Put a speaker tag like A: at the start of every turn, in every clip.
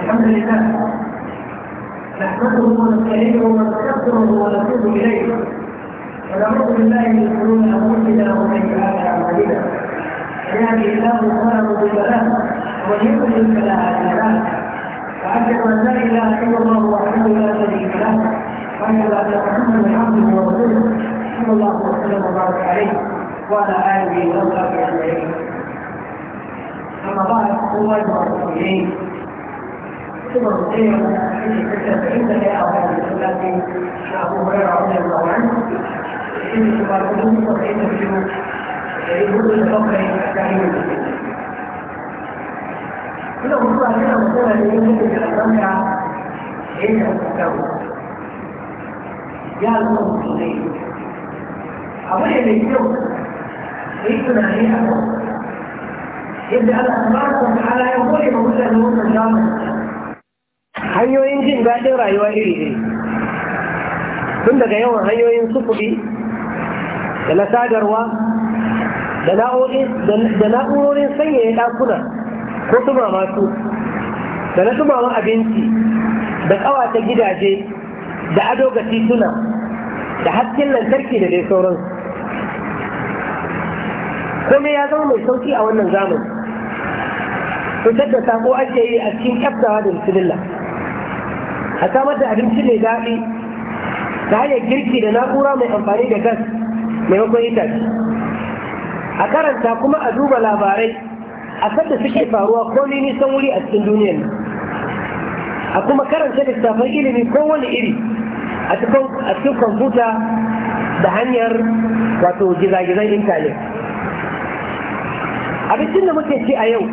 A: الحمد لله نحمده ونستعينه ونستغفره ونتوب اليه ونعوذ بالله من شرور انفسنا ومن سيئات اعمالنا يهدي الله فلا مضل له ومن يضلل فلا هادي له واشهد ان لا اله الا الله وحده لا شريك له واشهد ان محمدا عبده ورسوله صلى الله وسلم وبارك عليه وعلى اله وصحبه اجمعين اما بعد هو المعروف ثم تطيع من أحسن الحجة فإن لا أعلم بسنة أبو هريرة رضي الله عنه إن تباركون فإن فيهم يقول لفقر الجحيم كل مرة كده مثلا يمكن أن يستمتع إلى التكون يا المسلمين أولا اليوم يكون عليها يبدأ الأخبار تعالى يقول لهم كل المسلمين hanyoyin jin daɗin rayuwa iri ne, tun daga yawan hanyoyin sufuri da na sadarwa da na'urorin sanyaya ɗakuna ko tuma masu da na tumama abinci da ƙawata gidaje da ado ga tituna da hasken lantarki da dai sauransu kome ya zama mai sauki a wannan zamani fitar da sako ake yi a cikin kyaftawa da bismillah a samar da abinci mai daɗi ta hanyar girki da na'ura mai amfani da gas mai itace a karanta kuma a duba labarai a sanda suke faruwa ko nisan wuri a cikin duniyar a kuma karanta littafin ilimi kowane iri a cikin kwamfuta da hanyar wato gizagizan intanet abincin da muke ci a yau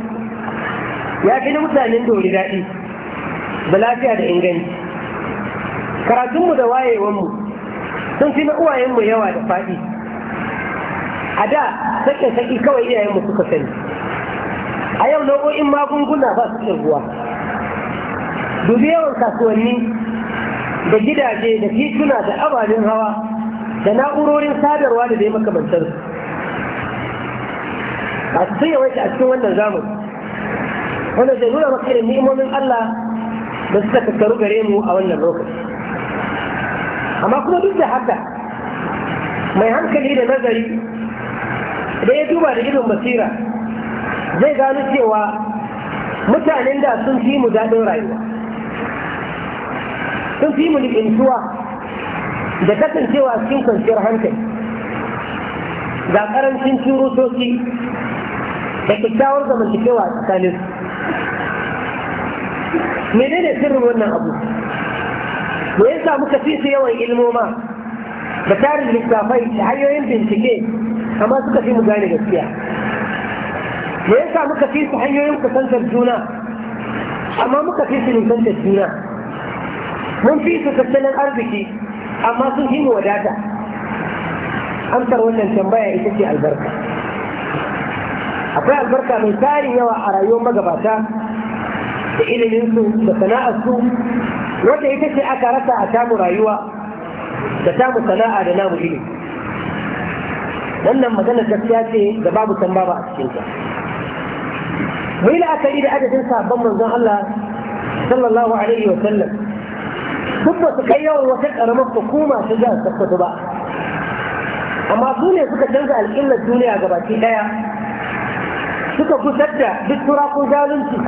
A: ya fi na mutanen dori daɗi da lafiya da inganci karatunmu da wayewanmu sun fi na uwayenmu yawa da faɗi a da sakin saki kawai iyayenmu suka sani a yau nau'o'in magunguna ba su ruwa dubi yawan kasuwanni da gidaje da tituna da ababen hawa da na'urorin sadarwa da dai makamantar ba su sun yawaita a cikin wannan zamani wanda zai nuna maka irin ni'imomin Allah da suka tattaru gare mu a wannan lokaci amma kuma duk da haka mai hankali da nazari da ya duba da irin basira zai gano cewa mutanen da sun fi mu daɗin rayuwa sun fi mu nikintuwa da kasancewa cikin kwanciyar hankali ga ƙarancin turutoci da kyakkyawar zamantakewa tsakanin menene sirrin wannan abu me yasa muka fi su yawan ilmoma da tarin littafai da hanyoyin bincike amma suka fi mu gane gaskiya me yasa muka fi su hanyoyin kusantar juna amma muka fi su nisantar juna mun fi su tattalin arziki amma sun fi mu wadata amsar wannan tambaya ita ce albarka akwai albarka mai tarin yawa a rayuwar magabata da iliminsu da wanda ita ce aka rasa a tamu rayuwa da tamu sana'a da namu ilimi wannan magana gaskiya ce da babu san ba a cikinta mu yi la'akari da adadin sabon manzon Allah sallallahu alaihi wa sallam duk ba su kai yawan wata karamar hukuma ta jihar Sokoto ba amma su ne suka canza alƙillar duniya gabaki ɗaya suka kusar da duk turakun zalunci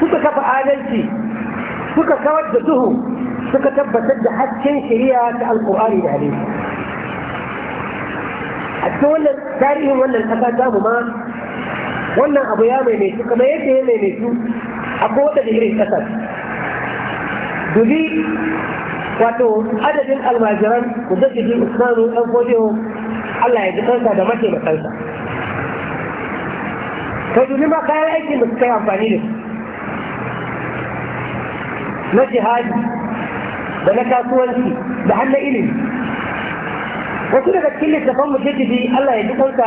A: suka kafa adalci suka kawar da duhu suka tabbatar da hasken shari'a ta alkur'ani da hadisi a cikin wannan tarihin wannan kasa ta mu ma wannan abu ya maimaitu kamar yadda ya maimaitu akwai wata da irin kasar dubi wato adadin almajiran ku zaki ji usmanu ɗan godiyo Allah ya ji kansa da mace kansa. ka dubi ma kayan aikin da suka yi amfani da su ما جهاد ده لك أسوانتي ده إلي وكل هذا كل تفهم جدي الله يجيبك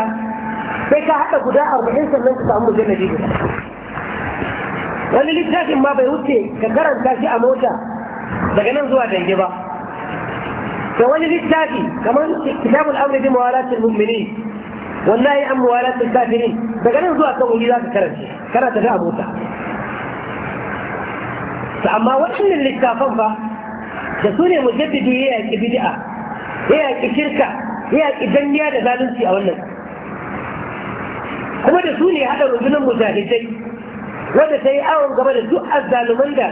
A: بيك حتى قداء أربعين سنة أنت تأمو جنة جيدة ولي لتاك ما بيوتي كقرن تاكي أموتا ده كان نزوى جنجبا فولي لتاك كمان كتاب الأمر دي بموالاة المؤمنين والله أم موالاة الكافرين ده كان نزوى كمجيدات كرنجي كرنجي أموتا to amma waɗannan littafan fa da su ne mujaddidu ya yaƙi bid'a ya yaƙi shirka ya yaƙi danniya da zalunci a wannan kuma da su ne haɗa rundunar mujahidai wanda ta yi awon gaba da duk azzaluman da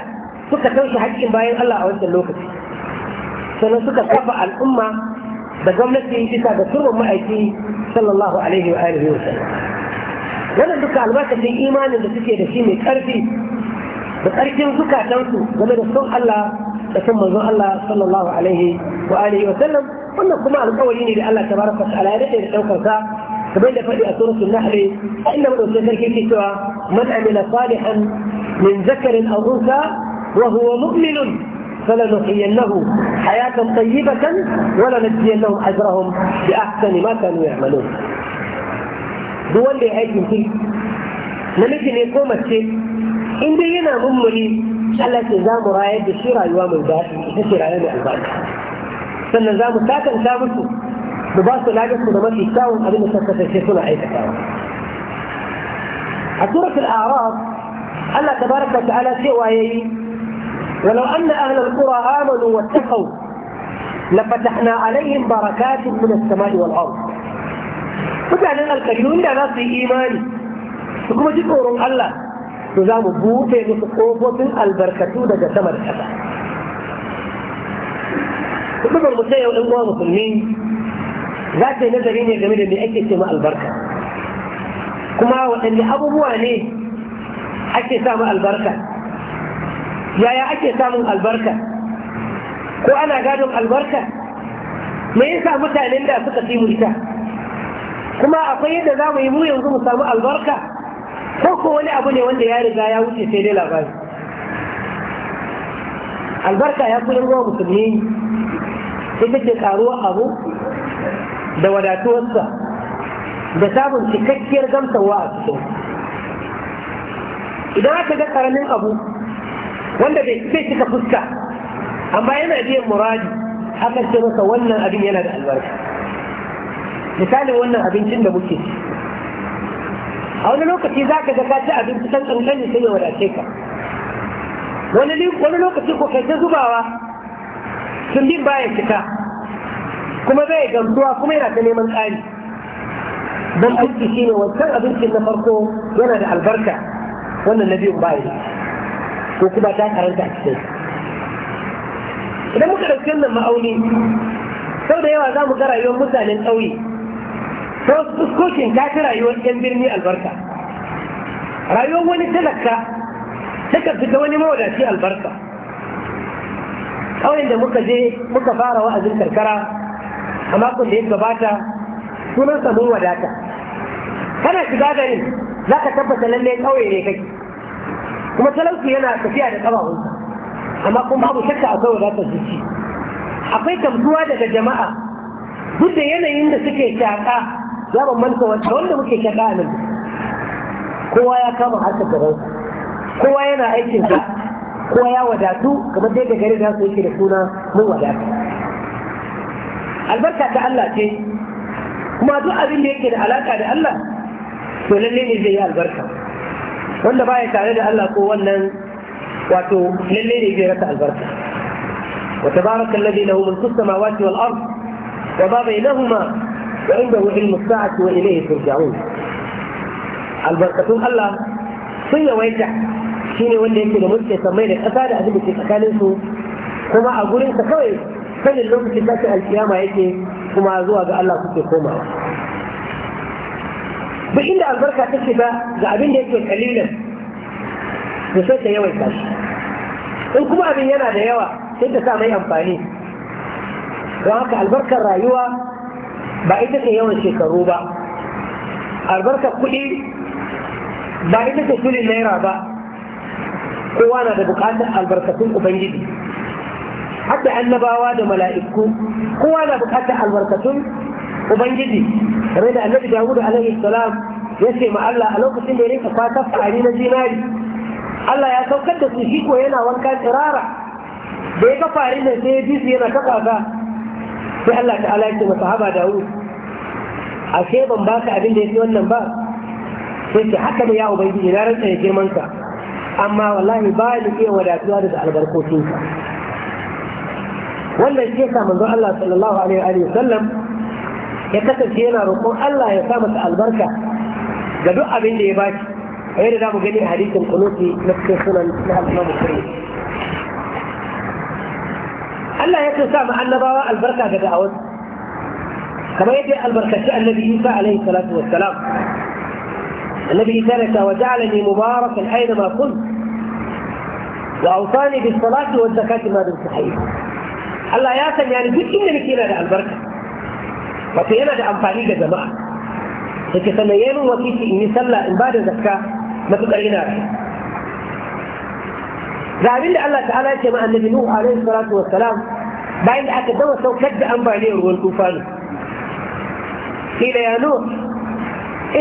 A: suka taushe haƙƙin bayan Allah a wancan lokaci sannan suka kafa al'umma da gwamnati bisa ga turban ma'aiki sallallahu alaihi wa alihi wa sallam wannan duka albarkacin imanin da suke da shi mai ƙarfi بتأكد زكاة تنسو ومن السوء الله ثم زوء الله صلى الله عليه وآله وسلم قلنا كما نقولين لألّا تبارك وتعالى يدعي لتوقع ساعة فبين فدي أسورة النحر فإن من أسورة الكيكي سوى من عمل صالحا من ذكر أو أنثى وهو مؤمن فلنحيينه حياة طيبة ولنجزينهم أجرهم بأحسن ما كانوا يعملون دول لي عيد من تلك لم يكن يقوم الشيء in dai yana mummuni Allah ce za mu rayar da shi rayuwa mai daɗi ita ce rayuwa mai albarka sannan za mu sakanta musu mu ba su lagar su da mafi kyawun abin da suka kasance suna aikatawa a suratul a'raf Allah tabaraka wa ta'ala cewa yayi ولو أن أهل القرى آمنوا واتقوا لفتحنا عليهم بركات من السماء والأرض mutanen alkabiru inda za su yi imani su kuma ji tsoron Allah to za mu buɗe musu ƙofofin albarkatu daga samar ƙasa kuɗubar mu yau ɗan uwa musulmi za ta yi nazari ne game da me ake ce ma albarka kuma waɗanne abubuwa ne ake samun albarka yaya ake samun albarka ko ana gadon albarka me yasa mutanen da suka fi mu ita kuma akwai yadda za mu yi mu yanzu mu samu albarka ko ko wani abu ne wanda ya riga ya wuce sai dai labari albarka ya kudin ruwa musulmi ita ce karuwa abu da wadatuwarsa da samun cikakkiyar gamsarwa a cikin idan aka ga karamin abu wanda bai kai cika fuska amma yana biyan muradi akan ce masa wannan abin yana da albarka misalin wannan abincin da muke ci a wani lokaci za ka ga ci abinci kan kankani sai ya wadace ka wani lokaci ko kai ta zubawa sun bin baya cika kuma zai gamsuwa kuma yana ta neman tsari don aiki shi ne wancan abincin na farko yana da albarka wannan na biyun baya ko kuma ta karanta a cikin idan muka ɗauki wannan ma'auni sau da yawa za mu ga rayuwar mutanen ƙauye ta wasu fuskokin ta ta rayuwar yan birni albarka rayuwar wani talaka takan fita wani mawadaci albarka ƙauyen da muka je muka fara wa'azin karkara a makon da ya gabata sunan samun wadata kana shiga garin za ka tabbata lallai ƙauye ne kake kuma talauci yana tafiya da ƙafafunsa amma kuma babu shakka akwai wadatar zuci akwai gamsuwa daga jama'a duk da yanayin da suke shaƙa za mu manta wanda wanda muke shaɗa nan kowa ya kama harkar gaban kowa yana aikin sa kowa ya wadatu kamar dai da gari da su yake da suna mun wadatu albarka ta Allah ce kuma duk abin da yake da alaka da Allah to lalle ne zai yi albarka wanda baya tare da Allah ko wannan wato lalle ne zai rasa albarka وتبارك الذي له ملك السماوات والأرض وما بينهما وعنده علم الساعة وإليه ترجعون albarkatun Allah sun yawaita shi ne wanda yake da mulkin samai da ƙasa da abin da ke tsakanin su kuma a gurin sa kawai sanin lokacin tashin alkiyama yake kuma zuwa ga Allah suke komawa duk inda albarka ta shiga ga abin da yake kalilan to sai ta yawaita shi in kuma abin yana da yawa sai ta sa mai amfani don haka albarkar rayuwa ba ita ce yawan shekaru ba albarkar kuɗi ba ita ce filin naira ba kowa na da bukatar albarkatun ubangiji hatta annabawa da mala'iku kowa na bukatar albarkatun ubangiji game da annabi dawud alaihi salam ya ce ma Allah a lokacin da ya rinka fata fari na zinari Allah ya saukar da su shi ko yana wanka tsirara da ya ga fari sai ya bi su yana sai Allah ta'ala ya ce masa haba A ashe ban baka abin da fi wannan ba sai ce haka ne ya ubangiji na rantsa ya girman ka amma wallahi ba ni iya wadatuwa daga albarkocin ka wannan shi yasa manzon Allah sallallahu alaihi wa sallam ya kasance yana roƙon Allah ya sa masa albarka ga duk abin da ya baki a yadda za mu gani a hadisin kunuti na cikin sunan na al-Imam الله يكفى مع النظر البركه قد اود كما يدعي البركه الذي عيسى عليه الصلاه والسلام الذي ثالثا وجعلني مباركا اينما كنت واوصاني بالصلاه والزكاه ما دمت حيا الله ياسر يعني في كل مكينا دع البركه وفي هنا دع انفعليك جماعه لكي سنيين وكي سنة ان بعد زكاه ما تبقى ga abin da Allah ta'ala ya ce ma annabi Nuhu alaihi salatu wa salam bayan da aka gama saukar da ambaliyar ruwan tufani kila ya nuh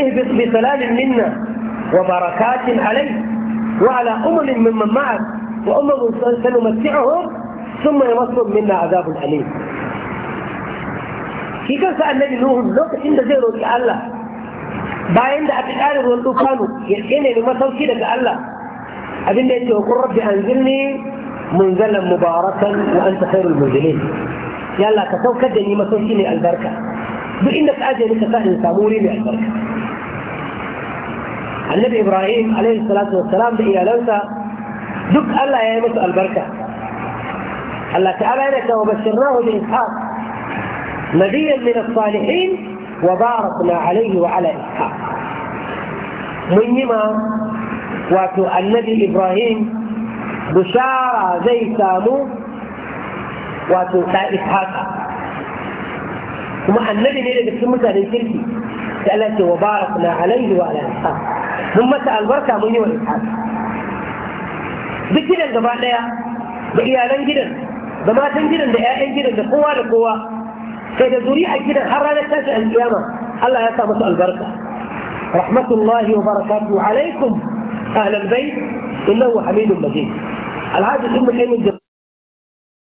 A: ihbis bi salamin minna wa barakatin alayk wa ala umamin mimman ma'ak wa umamin sanumassi'uhum thumma yamassum minna azabun alim shi kansa annabi nuhu lokacin da zai roƙi Allah bayan da aka ƙara ruwan tufano ya tsene ne masauki daga Allah أدلة يقول رب أنزلني منزلا مباركا وأنت خير المنزلين يلا كتو كدني ما تنسيني البركة بإنك أجل كفاهم ساموري بالبركة النبي إبراهيم عليه الصلاة والسلام بإيا لوسا دك ألا يا مسء البركة ألا تعالى لك وبشرناه بإسحاق نبيا من الصالحين وباركنا عليه وعلى إسحاق من wato annabi ibrahim Bishara zai samu wato ɗa ishaka kuma annabi ne daga cikin mutanen kirki da Allah ce wa barakna alaihi wa ala ishaq mun masa albarka mun yi wa ishaq duk gidan gaba daya da iyalan gidan da matan gidan da ƴaƴan gidan da kowa da kowa sai da zuri'a gidan har ranar tashi alkiyama Allah ya sa musu albarka rahmatullahi wa barakatuhu alaikum أهل البيت إنه حميد مجيد الحاج ابن القيم